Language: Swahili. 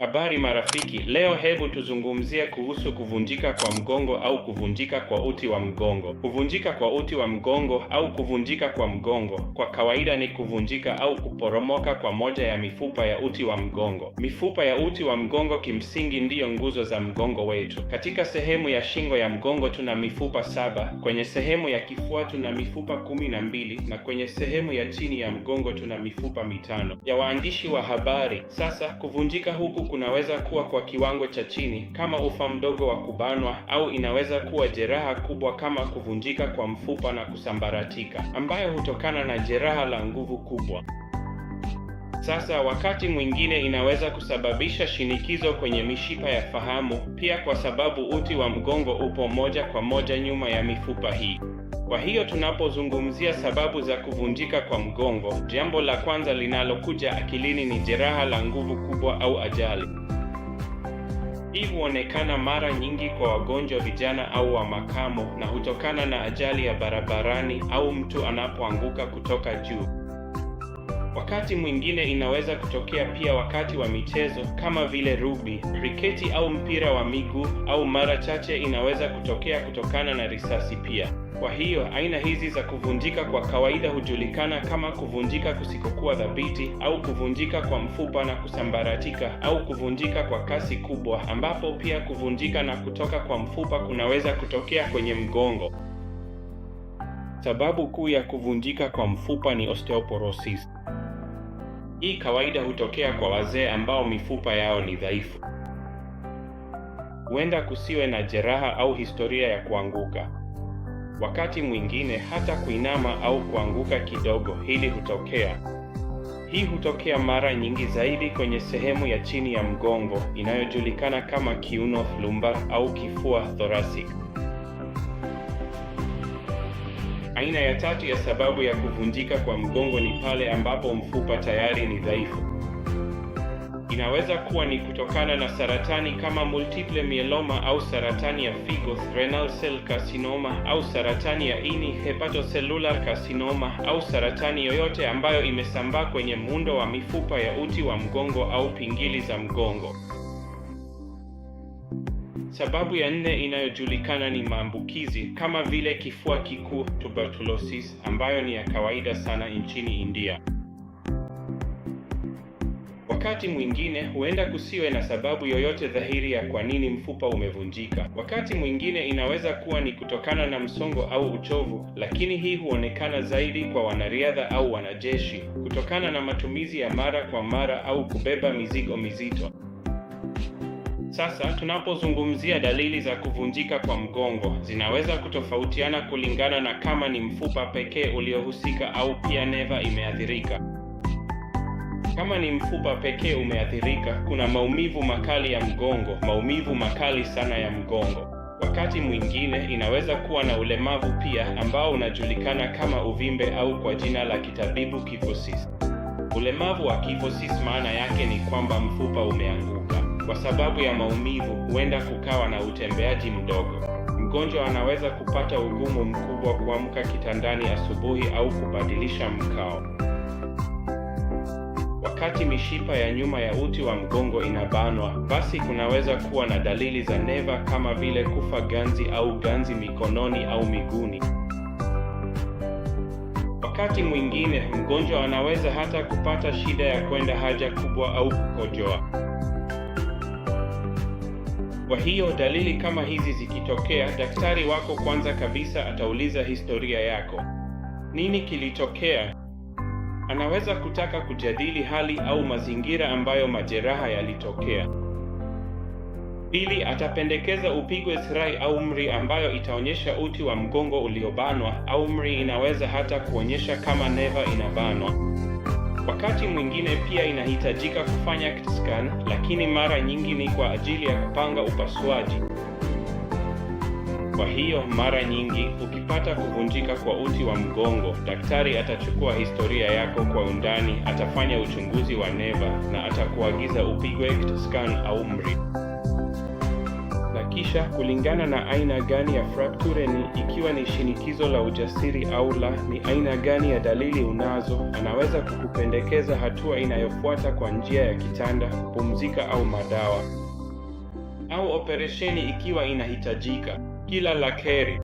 Habari marafiki, leo hebu tuzungumzie kuhusu kuvunjika kwa mgongo au kuvunjika kwa uti wa mgongo. Kuvunjika kwa uti wa mgongo au kuvunjika kwa mgongo kwa kawaida ni kuvunjika au kuporomoka kwa moja ya mifupa ya uti wa mgongo. Mifupa ya uti wa mgongo kimsingi ndiyo nguzo za mgongo wetu. Katika sehemu ya shingo ya mgongo tuna mifupa saba, kwenye sehemu ya kifua tuna mifupa kumi na mbili na kwenye sehemu ya chini ya mgongo tuna mifupa mitano ya waandishi wa habari. Sasa kuvunjika huku kunaweza kuwa kwa kiwango cha chini kama ufa mdogo wa kubanwa, au inaweza kuwa jeraha kubwa kama kuvunjika kwa mfupa na kusambaratika, ambayo hutokana na jeraha la nguvu kubwa. Sasa wakati mwingine inaweza kusababisha shinikizo kwenye mishipa ya fahamu pia, kwa sababu uti wa mgongo upo moja kwa moja nyuma ya mifupa hii. Kwa hiyo tunapozungumzia sababu za kuvunjika kwa mgongo, jambo la kwanza linalokuja akilini ni jeraha la nguvu kubwa au ajali. Hii huonekana mara nyingi kwa wagonjwa vijana au wa makamo na hutokana na ajali ya barabarani au mtu anapoanguka kutoka juu. Wakati mwingine inaweza kutokea pia wakati wa michezo kama vile rugby, kriketi au mpira wa miguu, au mara chache inaweza kutokea kutokana na risasi pia. Kwa hiyo aina hizi za kuvunjika kwa kawaida hujulikana kama kuvunjika kusikokuwa dhabiti au kuvunjika kwa mfupa na kusambaratika au kuvunjika kwa kasi kubwa, ambapo pia kuvunjika na kutoka kwa mfupa kunaweza kutokea kwenye mgongo. Sababu kuu ya kuvunjika kwa mfupa ni osteoporosis. Hii kawaida hutokea kwa wazee ambao mifupa yao ni dhaifu. Huenda kusiwe na jeraha au historia ya kuanguka. Wakati mwingine hata kuinama au kuanguka kidogo hili hutokea. Hii hutokea mara nyingi zaidi kwenye sehemu ya chini ya mgongo inayojulikana kama kiuno lumbar au kifua thoracic. Aina ya tatu ya sababu ya kuvunjika kwa mgongo ni pale ambapo mfupa tayari ni dhaifu. Inaweza kuwa ni kutokana na saratani kama multiple myeloma au saratani ya figo renal cell carcinoma au saratani ya ini hepatocellular carcinoma au saratani yoyote ambayo imesambaa kwenye muundo wa mifupa ya uti wa mgongo au pingili za mgongo. Sababu ya nne inayojulikana ni maambukizi kama vile kifua kikuu, tuberculosis, ambayo ni ya kawaida sana nchini India. Wakati mwingine huenda kusiwe na sababu yoyote dhahiri ya kwa nini mfupa umevunjika. Wakati mwingine inaweza kuwa ni kutokana na msongo au uchovu, lakini hii huonekana zaidi kwa wanariadha au wanajeshi, kutokana na matumizi ya mara kwa mara au kubeba mizigo mizito. Sasa tunapozungumzia dalili za kuvunjika kwa mgongo, zinaweza kutofautiana kulingana na kama ni mfupa pekee uliohusika au pia neva imeathirika. Kama ni mfupa pekee umeathirika, kuna maumivu makali ya mgongo, maumivu makali sana ya mgongo. Wakati mwingine inaweza kuwa na ulemavu pia ambao unajulikana kama uvimbe au kwa jina la kitabibu kifosis Ulemavu wa kifosis maana yake ni kwamba mfupa umeanguka. Kwa sababu ya maumivu, huenda kukawa na utembeaji mdogo. Mgonjwa anaweza kupata ugumu mkubwa kuamka kitandani asubuhi au kubadilisha mkao. Wakati mishipa ya nyuma ya uti wa mgongo inabanwa, basi kunaweza kuwa na dalili za neva kama vile kufa ganzi au ganzi mikononi au miguuni. Wakati mwingine mgonjwa anaweza hata kupata shida ya kwenda haja kubwa au kukojoa. Kwa hiyo dalili kama hizi zikitokea, daktari wako kwanza kabisa atauliza historia yako. Nini kilitokea? Anaweza kutaka kujadili hali au mazingira ambayo majeraha yalitokea. Pili, atapendekeza upigwe srai au MRI ambayo itaonyesha uti wa mgongo uliobanwa au MRI inaweza hata kuonyesha kama neva inabanwa. Wakati mwingine pia inahitajika kufanya CT scan, lakini mara nyingi ni kwa ajili ya kupanga upasuaji. Kwa hiyo mara nyingi ukipata kuvunjika kwa uti wa mgongo, daktari atachukua historia yako kwa undani, atafanya uchunguzi wa neva na atakuagiza upigwe CT scan au MRI. Kisha kulingana na aina gani ya frakture ni ikiwa ni shinikizo la ujasiri au la, ni aina gani ya dalili unazo, anaweza kukupendekeza hatua inayofuata kwa njia ya kitanda, pumzika au madawa, au operesheni ikiwa inahitajika. Kila la kheri.